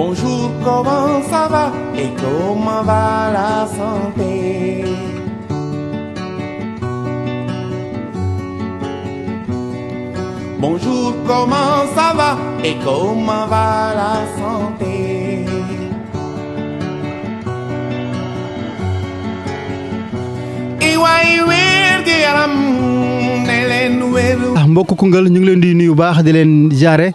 Bonjour, comment ça va et la santé Bonjour, comment ça va et comment va la santé ah, mbokk Koungheul ñu ngi leen di nuyu baax di leen jaare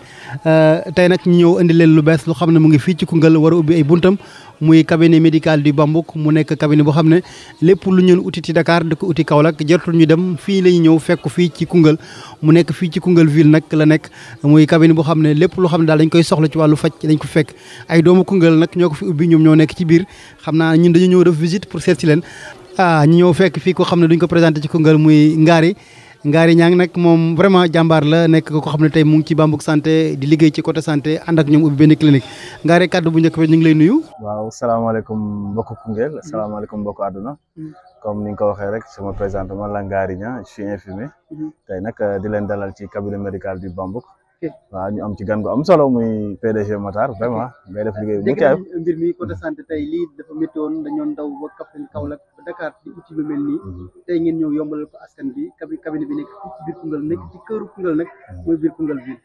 Euh, tey nag ñu ñëw indi leen lu bees lu xam ne mu ngi fii ci Koungheul war a ubbi ay buntam muy cabinet médical du Bambouk mu nekk cabinet boo xam ne lépp lu ñun uti ci Dakar di ko uti Kaolack jartul ñu dem fii la ñu ñëw fekk fii ci Koungheul mu nekk fii ci Koungheul ville nag la nekk muy cabinet boo xam ne lépp loo xam ne daal dañ koy soxla ci wàllu faj dañ ko fekk ay doomu Koungheul nag ñoo ko fi ubbi ñoom ñoo nekk ci biir xam naa ñun dañu ñëw def visite pour seet leen ah ñu ñëw fekk fii koo xam ne duñ ko présenté ci Koungheul muy Ngari Ngari Niang nag moom vraiment jàmbaar la nekk ko xam ne tey mu ngi ci Bambouk santé di liggéey ci côté santé ànd ak ñoom ubbi benn clinique Ngari kàddu bu njëkk bi ñu ngi lay nuyu. waaw salaamaaleykum mbokku Koungheul mm. salaamaaleykum mbokku àdduna. Mm. comme ni nga ko waxee rek sama présentement la Ngari Niang je suis mm-hmm. tey nag di leen dalal ci cabinet médical du Bambouk. waaw ñu am ci gan am solo muy PDG Matar vraiment ngay def liggéey bu mucc ayib mbir mi côté santé tey lii dafa métti woon dañoon daw ba Kaffrine Kaolack Dakar di uti lu mel nii mhm. tey ngeen ñëw yombalal ko askan bi cabinet bi nekk fii ci biir Koungheul nekk ci këru Koungheul nag mhm. mooy biir Koungheul bi ñu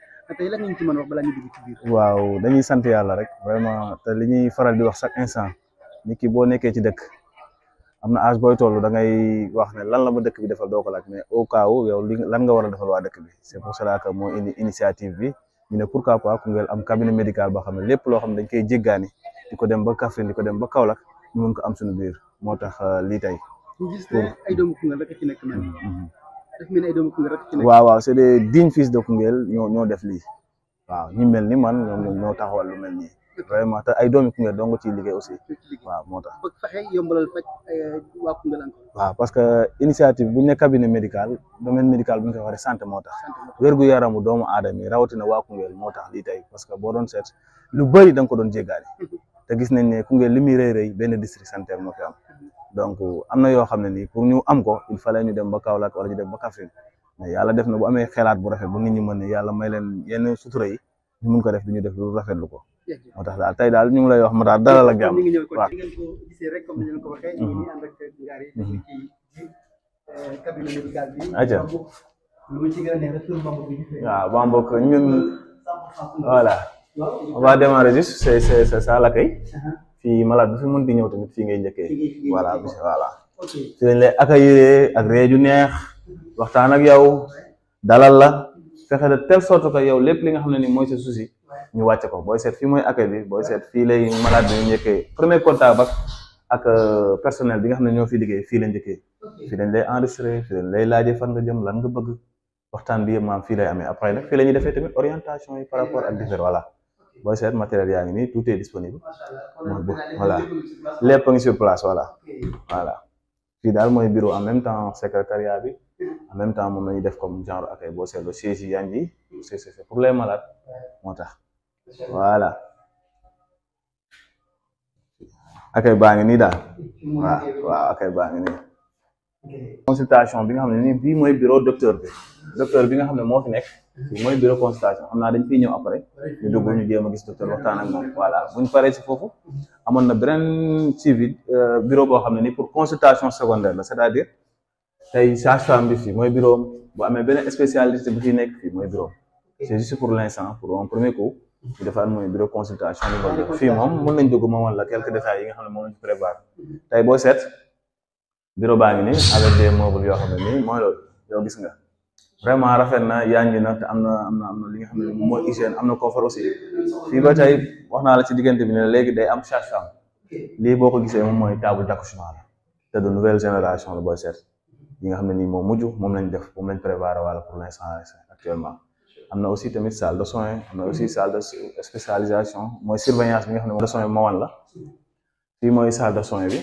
ci a wax balaa ñu dugg ci biir waaw dañuy sant yàlla rek vraiment te li ñuy faral di wax chaque instant nit ki boo nekkee ci dëkk am na âge booy toll da ngay wax ne lan la ma dëkk bi defal doo ko laaj mais au cas lan nga war a defal waa dëkk bi c'est pour cela que moo indi initiative bi ñu ne pour pourquoi pas Koungheul am cabinet médical boo xam ne lép loo xam ne dañ koy jéggaani di ko dem ba Kaffrine di ko dem ba Kaolack ñu mën ko am suñu biir moo tax euh, lii tey. ñu gis ne ay doomu mm-hmm, mm-hmm. de Koungheul ño ñoo def lii waaw ñu mel ni man ñoom ñoo taxawal lu mel ni vraiment te ay doomi Koungheul dong ciy liggéey aussi waaw moo tax fexe yombalal faj eh, waa Koungheul waaw parce que initiative bu ñu ne cabinet médical domaine médical bu ñu ko waxee santé moo tax wérgu yaramu doomu aadama yi rawatina waa Koungheul moo tax lii tey parce que boo doon seet lu bëri da ko doon jéggaani te gis nañ ne Koungheul li muy rëy rëy benn district sanitaire moo fi am donc am na yoo xam ne nii pour ñu am ko il fallait ñu dem ba Kaolack wala ñu dem ba Kaffrine mais yàlla def na bu amee xelaat bu rafet bu nit ñi mën ne yàlla may leen yenn sutura yi ñu mun ko def du ñu def lu rafetlu ko moo tax daal tey daal ñu ngi lay wax moo tax dalal ak jàmm waaw. atia waaw ba mbokk ñun voilà on va démarrer juste c'est c'est ça l'accueil bi fi mën di ñëw tamit fii ngay njëkkee voilà voilà ci lañ lay accueillir ak réew neex waxtaan ak yow dalal la fexe de telle sorte que yow lépp li nga xam ne ni mooy sa souci ñu wàcce ko booy seet fii mooy accueil bi booy seet fii lay malade bi ñu njëkkee premier contact ba ak euh, personnel bi nga xam ne ñoo fi liggéey fii la njëkkee fii dañ lay enregistré fii dañ lay laajee fan nga jëm lan nga bëgg waxtaan bi yëpp maam fii lay amee après nag fi la defee tamit orientation yi par rapport ak différents voilà booy seet matériel yaa ngi nii tout est disponible voilà lépp a ngi sur place voilà voilà fii daal mooy bureau en même temps secrétariat bi en même temps moom la ñuy def comme genre accueil boo seetloo siège yi yaa ngi c'est moo tax voilà akay baa ngi nii daal waaw waaw akay baa ngi nii consultation bi nga xam ne nii bii mooy bureau docteur bi docteur bi nga xam ne moo fi nekk mooy bureau consultation xam naa dañ fiy ñëw après ñu ñu jéem a gis docteur waxtaan ak buñ paree si foofu na beneen suivi euh, bureau boo xam ne nii pour consultation secondaire la c'est-à-dire tey sage-femme bi fii mooy bureau bu amee beneen spécialiste bi fi nekk fii mooy bureau c'est juste pour l'instant pour un premier coup ñu defaat mooy bureau consultation niveau fii moom mën nañ dugg ma woon la quelques détails yi nga xam ne moom lañ ci boo seet bureau baa ngi nii avec yoo xam ne nii mooy loolu gis nga vraiment rafet na yaa ngi na am na am na li nga xam ne mooy hygiène am na confort aussi fii ba tey wax naa la ci diggante bi ne léegi day am sage-femme lii boo ko gisee moom mooy table d'accouchement la te de nouvelle génération la booy set yi nga xam ne nii moo mujj moom lañu def moom lañ prévoir wala pour l'instant actuellement am na aussi tamit salle de soins am na aussi mhm. salle de spécialisation mooy surveillance bi nga xam ne de soins mawan la fii mooy salle de soins bi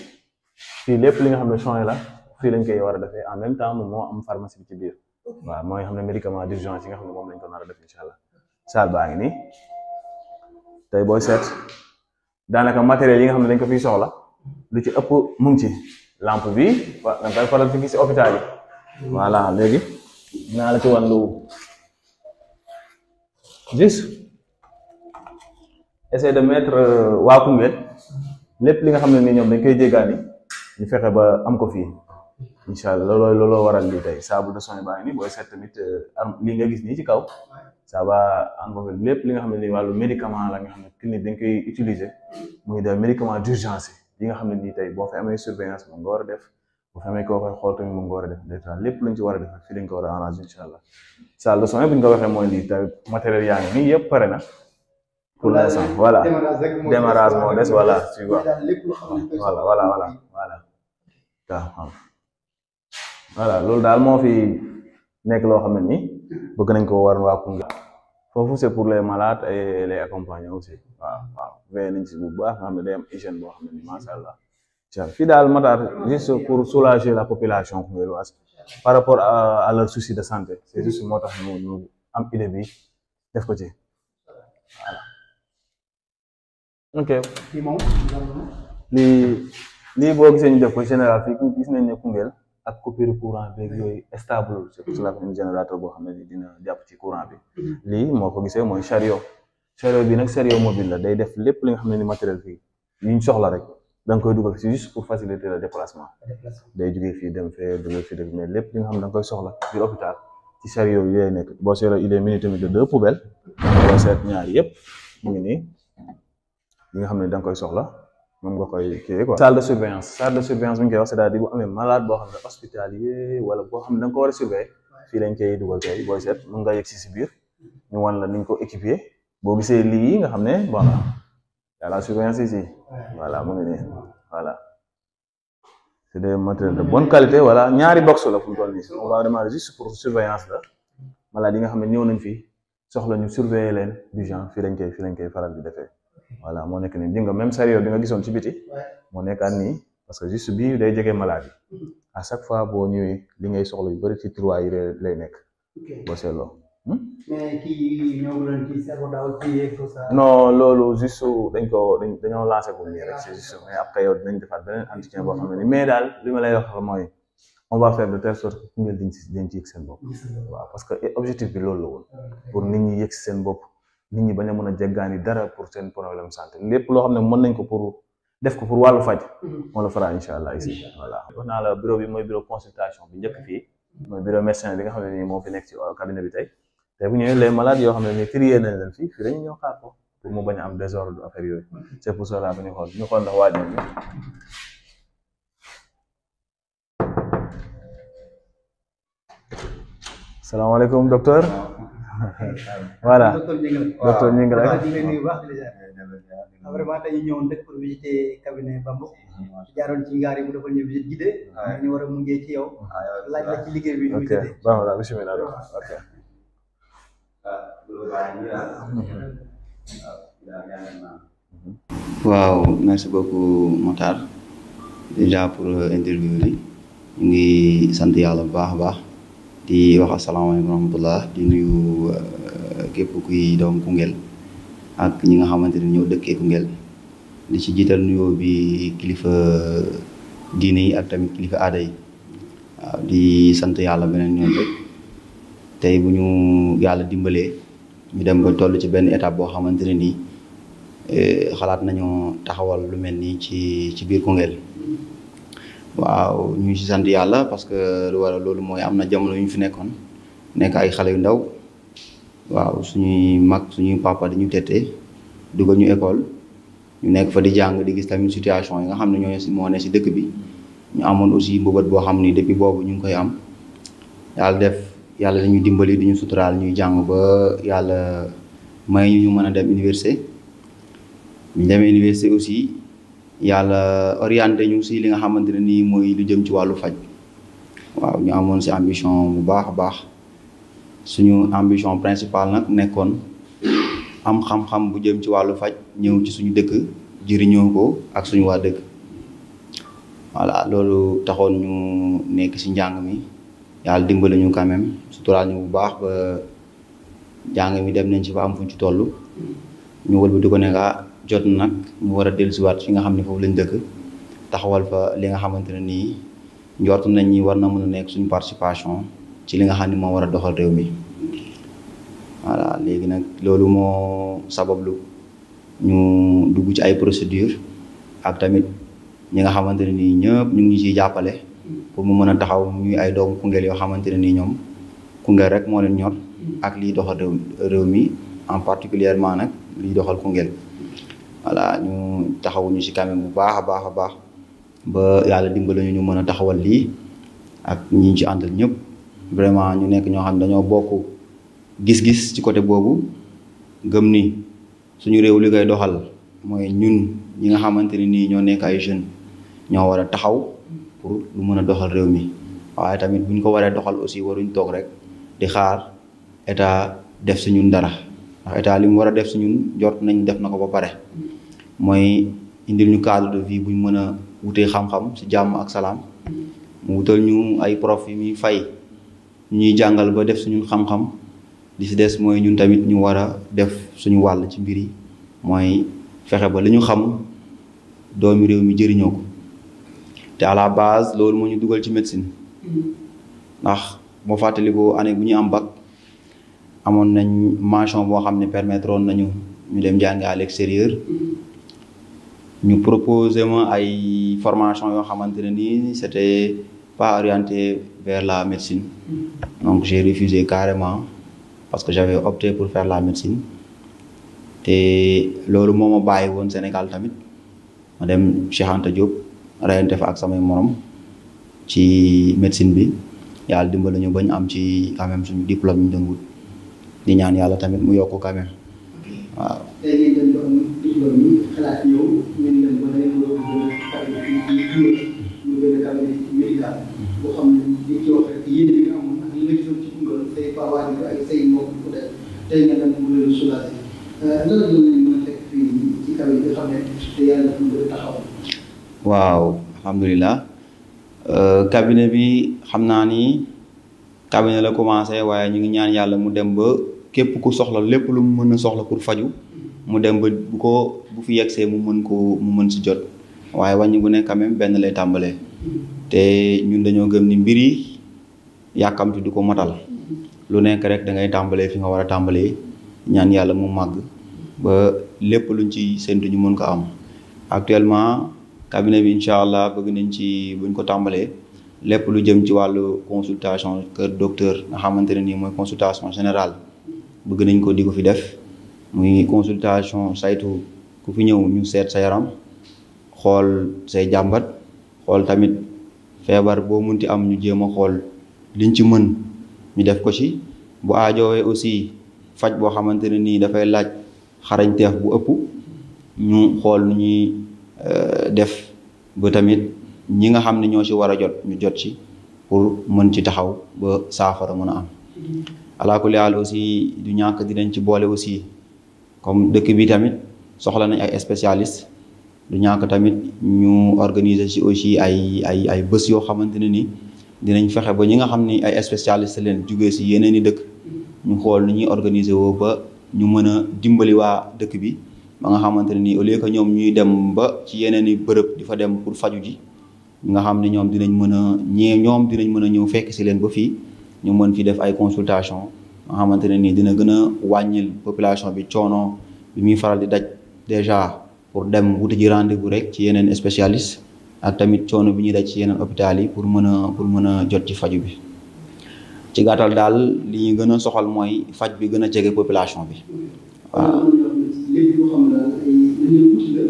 fii lépp li nga xam ne soins la fii lañ koy war a defee en même temps moom moo am pharmacie bi ci biir waaw mooy xam ne médicament d'urgence yi xam ne moom lañ ko nar a def incha allah salle baa ngi nii tey booy seet daanaka matériel yi nga xam ne dañ ko fiy soxla lu ci ëpp mu ngi ci lampe bi da nga koy faral di gis si hôpital yi mhm. voilà léegi naa la ci wan lu juste essayer de mettre euh, waa Koungheul lépp li nga xam ne ni ñoom dañ koy jéggaani ñu fexe ba am ko fii incha allah looloo looloo waral lii tey saabu de son baa ngi nii booy seet tamit euh, li nga gis nii ci kaw ça va englober lépp li nga xam ne nii wàllu médicament la nga xam ne clinique dañ koy utiliser muy des médicaments d'urgence yi nga xam ne nii tey boo fi amee surveillance moom nga war a def. bu koo koy xool tamit a lépp luñ ci war a def fii lañ ko war a arrangé incha allah sa leçon yi bu ñu ko waxee mooy lii tamit matériel yaa ngi nii yëpp pare na. pour l'instant voilà démarrage moo des voilà tu loolu daal moo fi nekk loo xam ne nii bëgg nañ ko war waa foofu c'est pour les malaat et les aussi waaw waaw veillé nañ si bu baax nga xam ne day am hygiène boo xam ne nii macha fii daal Matar juste pour soulager la population Koungeloise par rapport à leur souci de santé c'est juste moo tax ñu ñu am idée bi def ko ci voilà. ok lii boo gisee ñu def ko général fii gis nañ ne Koungheul ak coupure courant beeg yooyu stable c'est pour cela que boo xam ne dina jàpp ci courant bi mm-hmm. lii moo ko gisee mooy sario chariot bi nag chariot mobile la day def lépp li nga xam ne ni matériel fii yuñ soxla rek. da koy dugal si juste pour faciliter le déplacement day jógee fii dem fee jógee fii dem mais lépp li xam ne da koy soxla biir hôpital boo seetloo il est muni de deux poubelles ñaar yëpp mu ngi nii li nga xam ne da koy soxla moom nga koy kii quoi. salle de surveillance salle de surveillance bi ñu koy wax bu amee malade boo xam ne hospitalier wala boo xam ne da nga ko war a surveiller fii lañ koy dugal tey booy seet mun nga yegg si si biir ñu wan la niñ ko équipier boo gisee lii nga xam ne bon la surveillance ici voilà mu ngi nii voilà c'est des matériels de bon qualité voilà ñaari box la fu mu toll nii on va demander juste pour surveillance la malade nga xam ne ñëw nañ fi soxla ñu surveiller leen du genre fii lañ koy fii koy faral di defee voilà moo nekk nii di nga même sérieux bi nga gisoon ci biti moo nekkaat nii parce que juste bii day jege malade yi à chaque fois boo ñëwee li ngay soxla yu bëri ci tiroir yi lay nekk boo seetloo Hmm? Eh, kii ñëw leen ci Segodaaw kii yeeg tout ça. non loolu juste dañ ko dañoo lancé ko nii rek c'est juste mais après yow dinañ defaat beneen entretien boo xam ne nii mais daal li ma lay wax mooy on va faire de telle sorte que Koungheul dañ que objectif bi loolu la woon. Ah, pour nit ñi seen bopp nit ñi bañ a mën a jéggaani dara pour seen problème santé lépp loo xam ne mën nañ ko pour def ko pour wàllu faj. moo mm-hmm. la fara incha allah ici voilà. bi mooy bureau consultation bi mm-hmm. bi nga xam ne nii moo fi nekk ci cabinet bi tey. te bu ñëwee les malades yoo xam ne ni trier nañ leen fii fii dañu ñëw xaar ko pour mu bañ a am désordre affaire yooyu c'est pour cela bu ñu xool ñu xool ndax waajal ñu salaamaaleykum docteur voilà docteur Gningue la ah, vraiment dañu ci ngaar yi mu defal ñu visite guidée ñu war a mujjee ci yow ah, ok waaw merci beaucoup Matar déjà pour interview bi ngi sant yàlla bu baax a baax di wax asalaamaaleykum wa rahmatullah di nuyu euh, képp kuy doom Koungheul ak ñi nga xamante ni ñoo dëkkee di ci jiital nuyoo bi kilifa diine yi ak tamit kilifa aada yi waaw di sant yàlla beneen ñoom rek tey bu ñu yàlla dimbalee ñu dem ba toll ci benn étape boo xamante ne nii eh, xalaat nañu taxawal lu mel nii ci ci biir Koungheul waaw ñu ngi si sant yàlla parce que lu waral loolu mooy am na jamono yu ñu fi nekkoon nekk ay xale yu ndaw waaw suñuy mag suñuy papa dañu tette dugal ñu école ñu nekk fa di jàng di gis tamit situation yi nga xam ne ñoo moo ne si dëkk bi ñu amoon aussi mbëbët boo xam nii depuis boobu ñu ngi koy am yàlla def yàlla dañu dimbali duñu suturaal ñuy jàng ba yàlla may ñu mën a dem université ñu demee université aussi yàlla orienté ñu si li nga xamante ne nii mooy lu jëm ci wàllu faj waaw ñu amoon si ambition bu baax a baax suñu ambition principal nag nekkoon am xam-xam bu jëm ci wàllu faj ñëw ci suñu dëkk jëriñoo ko ak suñu waa dëkk voilà loolu taxoon ñu nekk si njàng mi yàlla dimbali ñu quand même suturaal ñu bu baax ba jàng mi dem nañ ci ba am fuñ ci toll ñu wël bi di ko ne ah, jot nag ñu war a dellusiwaat fi nga xam ne foofu lañu dëkk taxawal fa li nga xamante ne nii njort nañ ñi war na mën a nekk suñu participation ci li nga xam ne moo war a doxal réew mi voilà léegi nag loolu moo sabablu ñu dugg ci ay procédure ak tamit ñi nga xamante ne nii ñëpp ñu ngi ciy jàppale pour mu mën a taxaw ñuy ay doomu Koungheul yoo xamante ne ni ñoom Koungheul rek moo leen ñor ak liy doxal réew réew mi en particulièrement nag liy doxal Koungheul voilà ñu taxawuñu si quand même bu baax a baax a baax ba yàlla dimbali ñu ñu mën a taxawal lii ak ñi ci àndal ñëpp vraiment ñu nekk ñoo xam ne dañoo bokk gis-gis ci côté boobu gëm ni suñu réew li koy doxal mooy ñun ñi nga xamante ne nii ñoo nekk ay jeunes ñoo war a taxaw pour lu mën a doxal réew mi waaye tamit bu ñu ko waree doxal aussi waruñ toog rek di xaar état def si ñun dara ndax état li mu war a def si ñun jot nañ def na ko ba pare mooy indil ñu cadre de vie bu ñu mën a wutee xam-xam si jàmm ak salaam mu wutal ñu ay prof yi muy fay ñuy jàngal ba def suñu xam-xam di si des mooy ñun tamit ñu war a def suñu wàll ci mbir yi mooy fexe ba li ñu xam doomi réew mi jëriñoo te à la base loolu moo ñu dugal ci médecine ndax boo fàttalikoo année bu ñu am bac amoon nañ mention boo xam ne permettre woon nañu ñu dem jàngi à l'extérieur ñu proposé ay formation yoo xamante ne nii c'était pas orienté vers la médecine donc j'ai refusé carrément parce que j'avais opté pour faire la médecine te loolu moo ma woon Sénégal tamit ma dem Cheikh Anta rayante fa ak samay morom ci médecine bi yàlla dimbali ñu ba am ci quand même suñu diplôme ñu doon wut di ñaan yàlla tamit mu yokk quand même waaw. tey waaw alhamdulilah euh, cabinet bi xam naa ni cabinet la commencé waaye ñu ngi ñaan yàlla mu dem ba képp ku soxla lépp lu mu mën soxla pour faju mu dem ba bu ko bu fi yegsee mu mën ko mu mën si jot waaye wàññi gu ne quand benn lay tàmbalee te ñun dañoo gëm ni mbir yi yàkkamti du ko matal lu nekk rek dangay tàmbalee fi nga war a tàmbalee ñaan yàlla mu màgg ba lépp luñ ci séntu ñu mën ko am actuellement cabinet bi incha allah bëgg nañ ci buñ ko tàmbalee lépp lu jëm ci wàllu consultation kër docteur nga xamante ne nii mooy consultation général bëgg nañ ko di ko fi def muy consultation saytu ku fi ñëw ñu seet sa yaram xool say jàmbat xool tamit feebar boo munti am ñu jéem a xool liñ ci mën ñu def ko ci bu aajoowee aussi faj boo xamante ne nii dafay laaj xarañteef bu ëpp ñu xool nu ñuy Euh, def ba tamit ñi nga xam ne ñoo ci war a jot ñu jot ci pour mën ci taxaw ba saafara mën a am alaa kulli aussi du ñànk dinañ ci boole aussi comme dëkk bi tamit soxla nañ ay spécialiste du ñànk tamit ñu organiser ci aussi ay ay ay bés yoo xamante ne ni dinañ fexe ba ñi nga xam ni ay spécialiste leen jugee ci yeneen i dëkk ñu xool nu ñuy organiser woo ba ñu mën a dimbali waa dëkk bi ba nga xamante nii au lieu que ñoom ñuy dem ba ci yeneen i bërëb di fa dem pour faju ji nga xam ne ñoom dinañ mën a ñee ñoom dinañ mën a ñëw fekk si leen ba fii ñu mën fi def ay consultation nga xamante ne nii dina gën a wàññil population bi coono bi ñuy faral di daj déjà pour dem wuti ji rendez-vous rek ci yeneen spécialiste ak tamit coono bi ñuy daj ci yeneen hôpital yi pour mën a pour mën a jot ci faju bi ci gàttal daal li ñu gën a soxal mooy faj bi gën a jege population bi lépp loo xam ne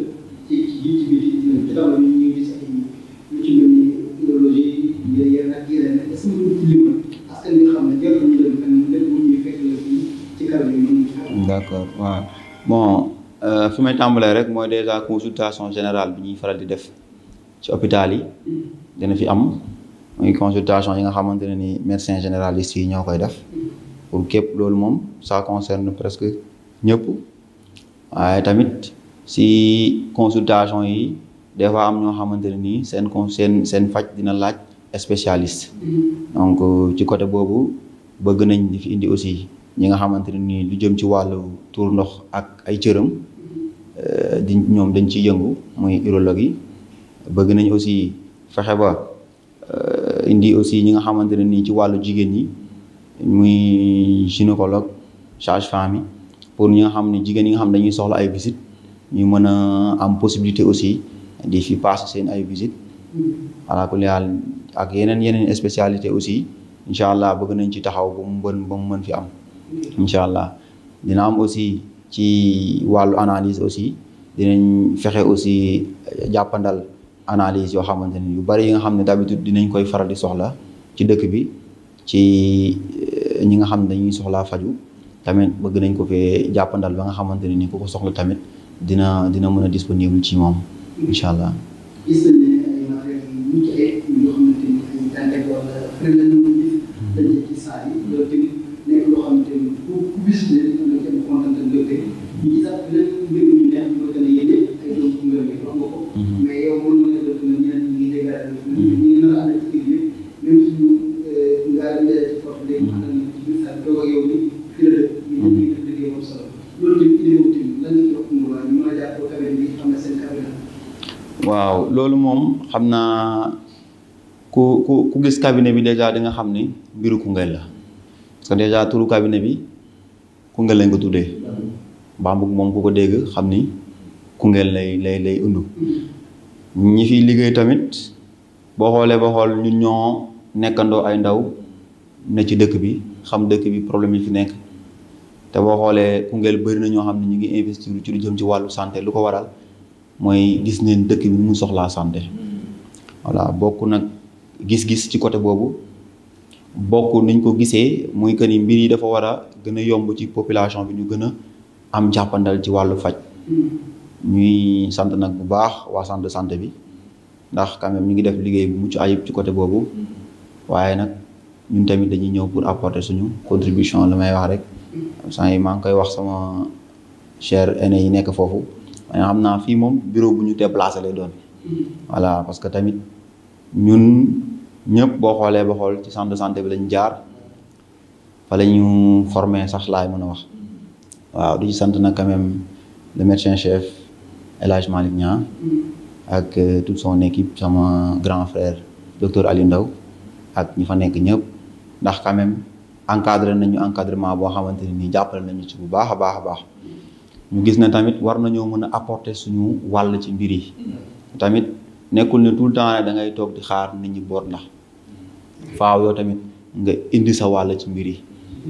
waaw bon euh, may tàmbalee rek mooy déjà consultation générale bi ñuy faral di def ci hôpital yi mm-hmm. dina fi am muy consultation yi nga xamante ne ni médecin généraliste yi ñoo koy def mm-hmm. pour képp loolu moom ça concerne presque ñëpp waaye tamit si consultation yi des fois am ñoo xamante ne nii seen con seen faj dina laaj spécialiste. Mm-hmm. donc ci côté boobu bëgg nañ di fi indi aussi ñi nga xamante ne nii lu jëm ci wàllu tuur ndox ak ay cëram euh, di ñoom dañ ciy yëngu muy urologue yi bëgg nañ aussi fexe ba euh, indi aussi ñi nga xamante ne nii ci wàllu jigéen ñi muy gynécologue sage-femme yi pour ñi nga xam ne jigéen ñi nga xam ne dañuy soxla ay visite ñu mën a am possibilité aussi di fi passe seen ay visite ala ak yeneen yeneen spécialité aussi incha allah bëgg nañ ci taxaw ba mu mën ba fi am incha allah dina am aussi ci wàllu analyse aussi dinañ fexe aussi jàppandal analyse yoo xamante ni yu bari yi nga xam ne d'habitude dinañ koy faral di soxla ci dëkk bi ci eh, ñi nga xam ne dañuy soxlaa faju tamit bëgg nañ ko fee jàppandal ba nga xamante ne ni ku ko soxla tamit dina dina mën a disponible ci moom incha allah. gis ne ay matériels yu mucc ayib yoo xamante ni ay tànneeg wala fële na mu gis. dañuy ci saa yi loolu tamit nekk loo xamante ni ku ku gis ne xam naa ku ku ku gis cabinet bi dèjà dinga xam ni mbiru Koungheul la parce que dèjà turu cabinet bi Koungheul lañ ko tuddee Bambouck moom ku ko dégg xam ni Koungheul lay lay lay undu ñi fiy liggéey tamit boo xoolee ba xool ñun ñoo nekkandoo ay ndaw ne ci dëkk bi xam dëkk bi problème yi fi nekk te boo xoolee Koungheul bëri na ñoo xam ne ñu ngi investir ci lu jëm ci wàllu santé lu ko waral mooy gis neen dëkk bi mu soxlaa santé voilà bokk nag gis-gis ci côté boobu bokk niñ ko gisee muy que ni mbir yi dafa war a gën a yomb ci population bi ñu gën a am jàppandal ci wàllu faj ñuy sant nag bu baax waa sant de santé bi ndax quand même ñu ngi def liggéey bu mucc ayib ci côté boobu waaye nag ñun tamit dañuy ñëw pour apporter suñu contribution la may wax rek saa yi maa ngi koy wax sama cher aîné yi nekk foofu mais xam naa fii moom bureau bu ñu déplacé lay doon voilà parce tamit ñun ñëpp boo xoolee ba xool ci sant de santé bi lañ jaar fa la ñu formé sax laay mën a wax waaw di ci sant nag quand même le médecin chef El Hadj Malick Niang ak euh, toute son équipe sama grand frère docteur ali Ndao ak ñi fa nekk ñëpp ndax quand même encadré nañu encadrement boo xamante ne nii jàppale nañu ci bu baax a baax a baax ñu gis ne tamit war nañoo mën a apporter suñu wàll ci mbir yi tamit. nekkul ne tout le temps da ngay toog di xaar nit ñi boot la faaw yoo tamit nga indi sa wàll ci mbir yi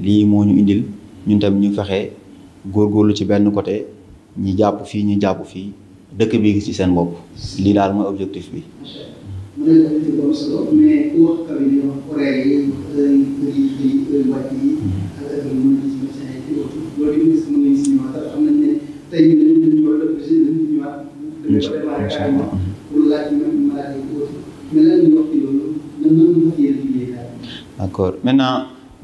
lii moo ñu indil ñun tamit ñu fexe góorgóorlu ci benn côté ñi jàpp fii ñu jàpp fii dëkk bi gis ci seen bopp lii daal mooy objectif bi. laaj même accord maintenant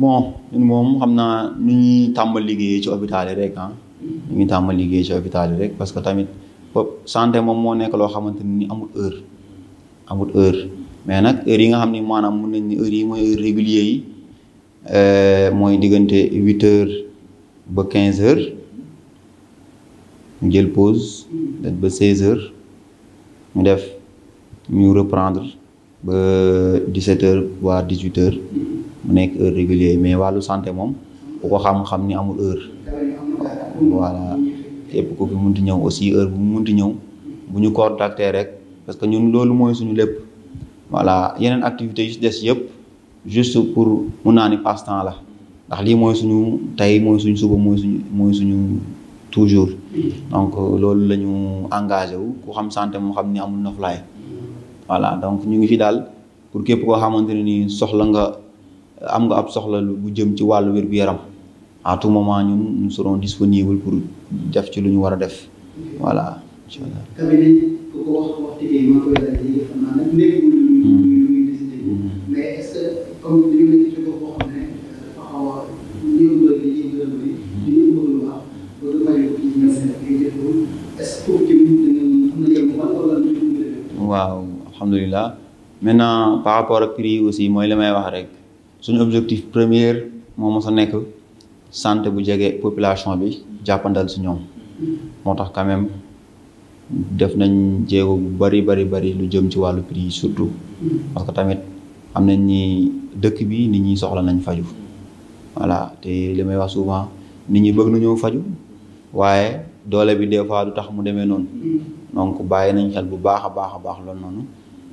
bon moom xam naa nu ñuy tàmbal liggéey ci hôpital yi rek ah mm-hmm. ñu tàmbal liggéey ci hôpital yi rek parce que tamit santé moom moo nekk loo xamante ni amul heure amul heure mais nag heure yi nga xam ni maanaam mun nañ ni heure yi mooy heure régulier yi euh, mooy diggante huit heures ba quinze heures ñu jël pause mm-hmm. ba seize heures ñu def ñu reprendre ba 17 heures voire 18 heures mu nekk heure régulier mais wàllu santé moom ku ko xam-xam ni amul heure voilà képp ko fi munti ñëw aussi heure bu mu mun ti ñëw bu ñu contacter rek parce que ñun loolu mooy suñu lépp voilà yeneen activités yu des yëpp juste pour mun naa ni passe temps la ndax lii mooy suñu tey mooy suñu suba mooy suñu mooy suñu toujours donc loolu lañu ñu wu ku xam santé moo xam ni amul noflaay voilà donc ñu ngi fi daal pour képp koo xamante ne nii soxla nga am nga ab soxla bu jëm ci wàllu wér-gu-yaram à tout moment ñun nous serons pour def ci lu ñu war a def voilà alhamdulilah maintenant par rapport ak prix yi aussi mooy li may wax rek suñu objectif premier moo mos a nekk santé bu jege population bi jàppandal si ñoom moo tax quand def nañ jéego bu bari bari bari lu jëm ci wàllu prix yi surtout parce que tamit am nañ ni dëkk bi nit ñi soxla nañ faju voilà te li may wax souvent nit ñi bëgg nañoo faju waaye doole bi des fois du tax mu demee noonu donc bàyyi nañ xel bu baax a baax a baax loolu noonu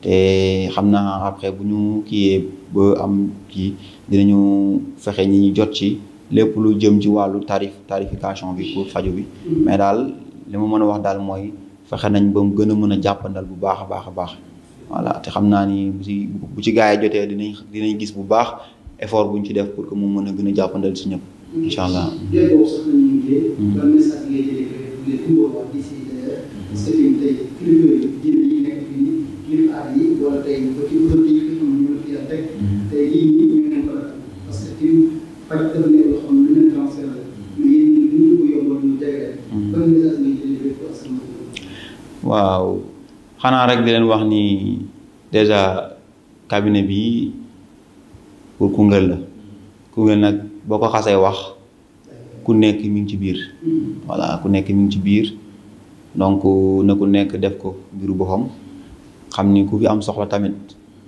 te xam naa après bu ñu kiiyee ba am kii dinañu fexe ñi ñu jot ci lépp lu jëm ci wàllu tarif tarification bi pour faju bi mm-hmm. mais daal li ma mën a wax daal mooy fexe nañ ba mu gën a mën a jàppandal bu baax a baax a baax voilà te xam naa ni bu ci bu ci gars yi jotee dinañ dinañ gis bu baax effort bu ñu ci def pour que mu mën a gën a jàppandal si ñëpp incha allah mm-hmm. Mm-hmm. Mm-hmm. waaw xanaa rek di leen wax nii déjà cabinet bi pour Koungheul la Koungheul nag boo ko xasee wax ku nekk mi ngi ci biir mm-hmm. voilà ku nekk mi ngi ci biir donc na ku nekk def ko biiru boppam xam ni ku fi am soxla tamit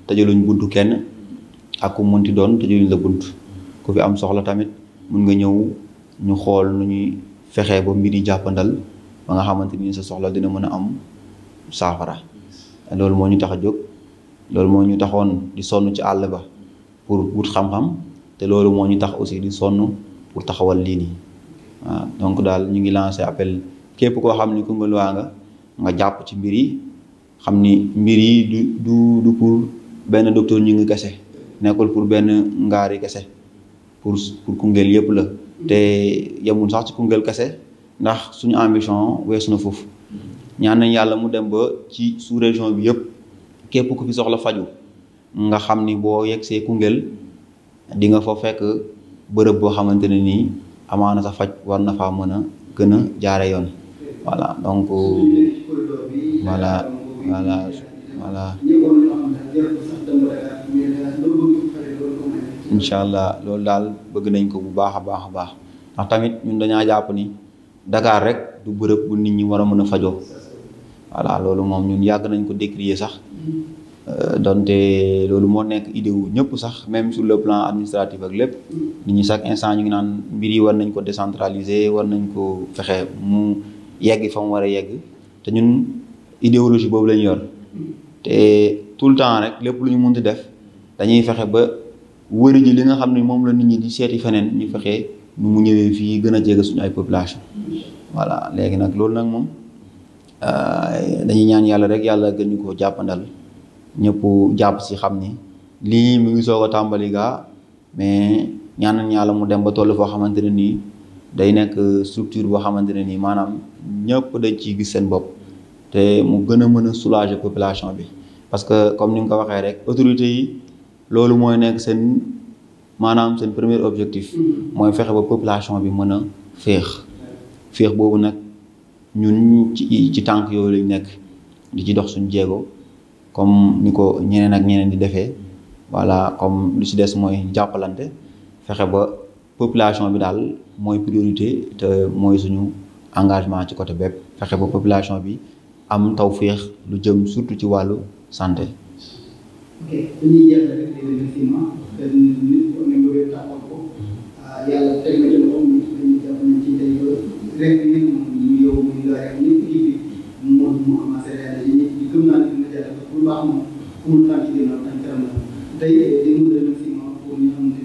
tëjaluñ buntu kenn ak ku mënti doon tëjaluñ la bunt ku fi am soxla tamit mun nga ñëw ñu xool nu ñuy fexee ba mbir yi jàppandal ba nga xamante ni sa soxla dina mën a am saafara loolu moo ñu tax a jóg loolu moo ñu taxoon di sonn ci àll ba pour wut xam-xam te loolu moo ñu tax aussi di sonn pour taxawal lii nii donc daal ñu ngi lancé appel képp koo xam ni Koumba Loua nga nga jàpp ci mbir yi xam ni mbir yi du du pour benn docteur ñu ngi kese nekkul pour benn ngaari kese pour pour Koungheul yëpp la te yemul sax ci Koungheul kese ndax suñu ambition weesu na foofu ñaan nañ yàlla mu dem ba ci sous région bi yëpp képp ku fi soxla faju nga xam ni boo yegsee Koungheul di nga fa fekk bërëb boo xamante ne nii amaana sa faj war na faa mën a gën a jaare yoon voilà donc voilà voilà voilà incha allah loolu daal bëgg nañ ko bu baax a baax a baax ndax tamit ñun dañaa jàpp ni dakaar rek du bërëb bu nit ñi war a mën a fajoo voilà loolu moom ñun yàgg nañ ko décrier sax euh, donte loolu moo nekk idée wu ñëpp sax même sur le plan administratif ak lépp nit ñi chaque instant ñu ngi naan mbir yi war nañ ko décentraliser war nañ ko fexe mu yegg fa mu war a yegg te ñun idéologie boobu la ñu yor te tout le temps rek lépp lu ñu mun mënti def dañuy fexe ba wëri ji li nga xam ne moom la nit ñi seeti feneen ñu fexe nu mu ñëwee fii gën a jege suñu ay population voilà léegi nag loolu nag moom euh, dañuy ñaan yàlla rek yàlla gën ñu koo jàppandal ñëpp jàpp si xam ni lii mu ngi soog a tàmbali gaa mais ñaan yàlla mu dem ba toll foo xamante ne nii day nekk structure boo xamante ne nii maanaam ñëpp dañ ciy gis seen bopp. te mu gën a mën a soulager population bi parce que comme ni nga ko waxee rek autorités yi loolu mooy nekk seen maanaam seen premier objectif mm-hmm. mooy fexe ba population bi mën a féex féex boobu nag ñun ci ci tànk yooyu lañ nekk di ci dox suñu jéego comme ni ko ñeneen ak ñeneen di defee voilà comme lu ci des mooy jàppalante fexe ba population bi daal mooy priorité te mooy suñu engagement ci côté bépp fexe ba population bi am tawféex lu jëm surtout ci wàllu santé. ok dañuy jeex rek di leen def benn nit ku ne mbir tàmbal ko ah, yàlla teg na ci loxoom ñu dañuy jàpp ne ci tey rek ñu ngi yow ñu ngi doon rek ñëpp ci biir moom mu commencé réalisé ñëpp di gëm naa ne dina jàll pour baax moom pour mu tànn ci ginnaaw tànn ci kanam la tey dañu mën a def si ma pour ñu xam ne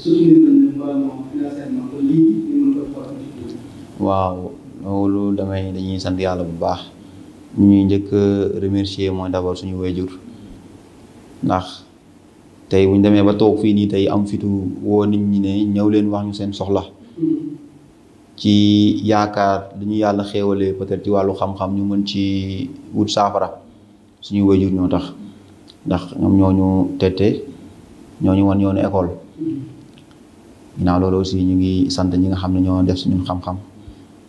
surtout ñu mën wala moom financièrement lii ñu mën ko xool. waaw loolu damay dañuy sant yàlla bu baax. ñuy njëkk remercier mooy d'abord suñu wayjur ndax tey bu ñu demee ba toog fii nii tey am fitu woo nit ñi ne ñëw leen wax ñu seen soxla ci yaakaar li yàlla xéewalee peut-être ci wàllu xam-xam ñu mën ci wut saafara suñu wayjur ñoo tax ndax ñoom ñoo ñu tette ñu wan yoonu école ginnaaw loolu aussi ñu ngi sant ñi nga xam ne ñoo def suñu xam-xam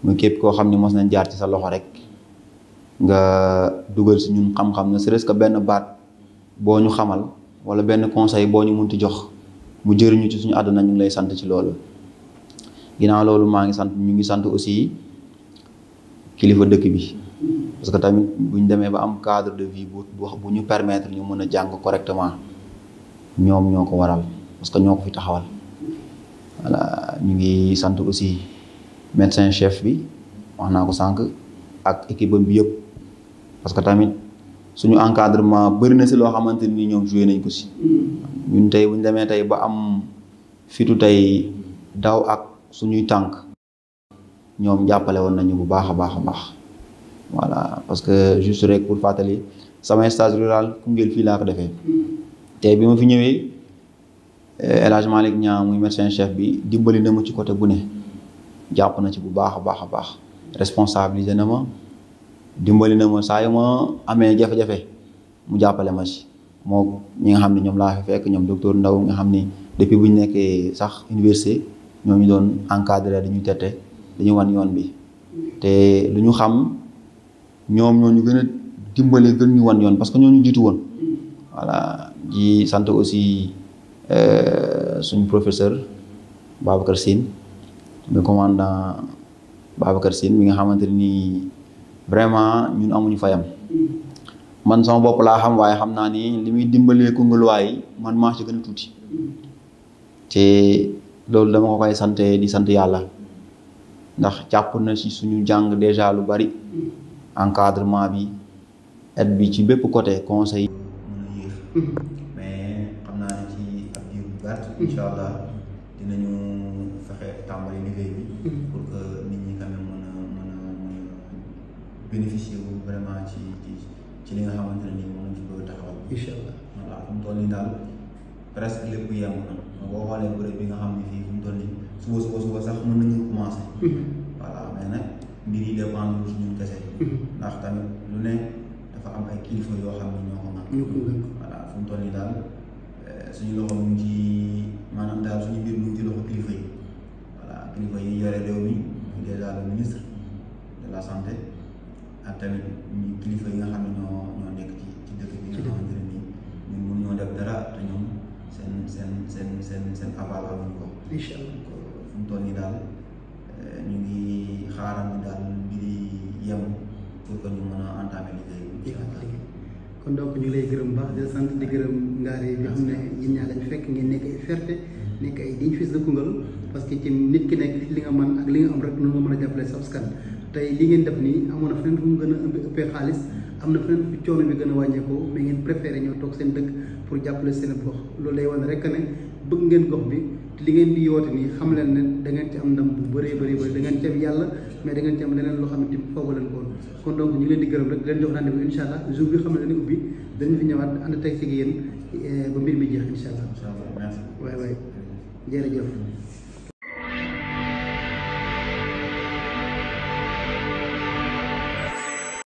muy képp koo xam ne mos nañ jaar ci sa loxo rek. nga dugal si ñun xam-xam ne serait-ce benn baat boo ñu xamal wala benn conseil boo ñu mun munti jox mu jëriñu ci suñu àdduna ñu lay sant ci loolu ginnaaw loolu maa ngi sant ñu ngi sant aussi kilifa dëkk bi parce que tamit bu demee ba am cadre de vie bu ñu permettre ñu mën a jàng correctement ñoom ñoo ko waral parce que ñoo ko fi taxawal voilà ñu ngi sant aussi médecin chef bi wax naa ko sànq ak équipe bi yëpp. parce que tamit suñu encadrement bëri na si loo xamante ni ñoom joué nañ ko si. ñun tey bu ñu demee tey ba am fitu tey daw ak suñuy tànk ñoom jàppale woon nañu bu baax a baax a baax voilà parce que juste rek pour fàttali sama stage rural Koungheul fii laa ko defee. te bi ma fi ñëwee eh, El Hadj Malick Niang muy médecin chef bi dimbali na ma ci côté bu ne jàpp na ci bu baax a baax a baax responsabilisé na ma. dimbali na ma saa yu ma amee jafe-jafe mu jàppale ma si moo ñi nga xam ne ñoom laa fi fekk ñoom doctor Ndaw nga xam ni depuis bu ñu nekkee sax université ñoo ñu doon encadré dañuy tette dañu wan yoon bi te lu ñu xam ñoom ñu gën a dimbale gën ñu wan yoon parce que ñoo ñu jiitu woon voilà di sant aussi euh, suñu professeur Babacar Sine le commandant Babacar Sine mi nga xamante nii vraiment ñun amuñu fayam man sama bopp laa xam waaye xam naa ni li muy dimbalee Kounguelwaay yi man maa ci gën tuuti te loolu dama ko koy sante di sant yàlla ndax jàpp na ci suñu jàng déjà lu bari encadrement bi aide bi ci bépp côté conseil mais xam naa ne ci ab bu gàtt incha allah dinañu fexe tàmbali liggéey bi bénéficier wu vraiment ci ci ci li nga xamante ne nii moom lañ ci bëgg taxawal. incha allah voilà fu toll nii daal presque lépp yem na boo xoolee bëre nga xam ne fii fu mu toll nii suba suba suba sax mën nañu commencé. Mm-hmm. voilà mais nag mbir yi dépendre ci ñun kese. Mm-hmm. ndax tamit lu ne dafa am ay kilifa yoo xam ne ñoo ko mën. ñoo ko toll nii daal eh, suñu loxo mu ci maanaam suñu mbir mu ci loxo kilifa yi voilà kilifa yi yore réew mi déjà de ak tamit ñu kilifa yi nga xam ne ñoo ñoo nekk ci ci dëkk bi nga xamante ne nii mun ñoo def dara te seen seen seen seen seen aval amuñu ko incha ko fu mu toll nii daal eh, ñu ngi xaarandi daal mbiri yem pour que ñu mën a entamer liggéey bi kon donc ñu lay gërëm baax de sant di gërëm ngaari yi nga xam ne ñun ñaa lañ fekk ngeen nekk ay fierté mm-hmm. nekk ay digne fils de Koungheul parce que ci nit ki nekk li nga man ak li nga am rek noonu nga mën a jàppale sa askan tey li ngeen def nii amoon na feneen fu mu gën a ëppee xaalis am na feneen fu coono bi gën a wàññeekoo mais ngeen préféré ñoo toog seen dëkk pour jàppale seen gox loolu lay wane rek ne bëgg ngeen gox bi li ngeen di yoote nii xam leen ne da ngeen ci am ndam bu bëree bëri bëri da ngeen ci yàlla mais da ngeen ci am leneen loo xam ni foogu leen koon kon donc ñu ngi leen di gërëm rek di leen jox naan ne incha allah jour bi xam ne dañu ubbi dañu fi ñëwaat ànd teg si yéen eh, ba mbir mi jeex incha allah waay waay jërëjëf